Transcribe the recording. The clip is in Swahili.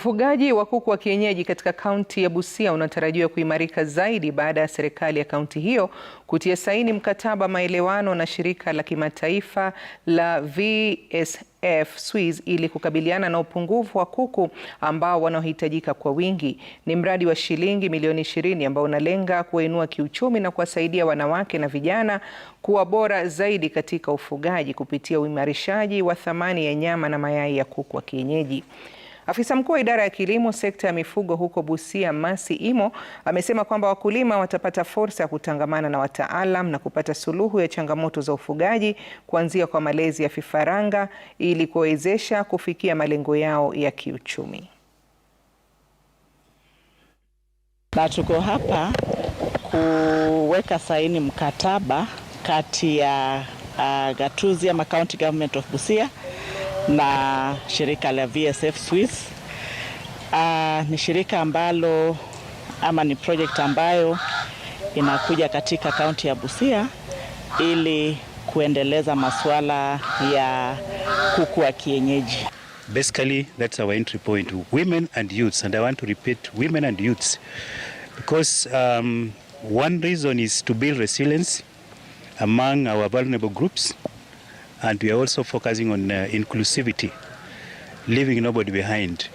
Ufugaji wa kuku wa kienyeji katika kaunti ya Busia unatarajiwa kuimarika zaidi baada ya serikali ya kaunti hiyo kutia saini mkataba maelewano na shirika la kimataifa la VSF Swiss ili kukabiliana na upungufu wa kuku ambao wanaohitajika kwa wingi. Ni mradi wa shilingi milioni ishirini ambao unalenga kuwainua kiuchumi na kuwasaidia wanawake na vijana kuwa bora zaidi katika ufugaji kupitia uimarishaji wa thamani ya nyama na mayai ya kuku wa kienyeji. Afisa mkuu wa idara ya kilimo, sekta ya mifugo huko Busia, Masi Imo, amesema kwamba wakulima watapata fursa ya kutangamana na wataalam na kupata suluhu ya changamoto za ufugaji kuanzia kwa malezi ya vifaranga ili kuwawezesha kufikia malengo yao ya kiuchumi. Na tuko hapa kuweka saini mkataba kati ya uh, gatuzi ama county government of Busia na shirika la VSF Swiss. Uh, ni shirika ambalo ama ni project ambayo inakuja katika kaunti ya Busia ili kuendeleza masuala ya kuku wa kienyeji. Basically, that's our entry point, women and youths. And I want to repeat, women and youths. Because um, one reason is to build resilience among our vulnerable groups and we are also focusing on uh, inclusivity leaving nobody behind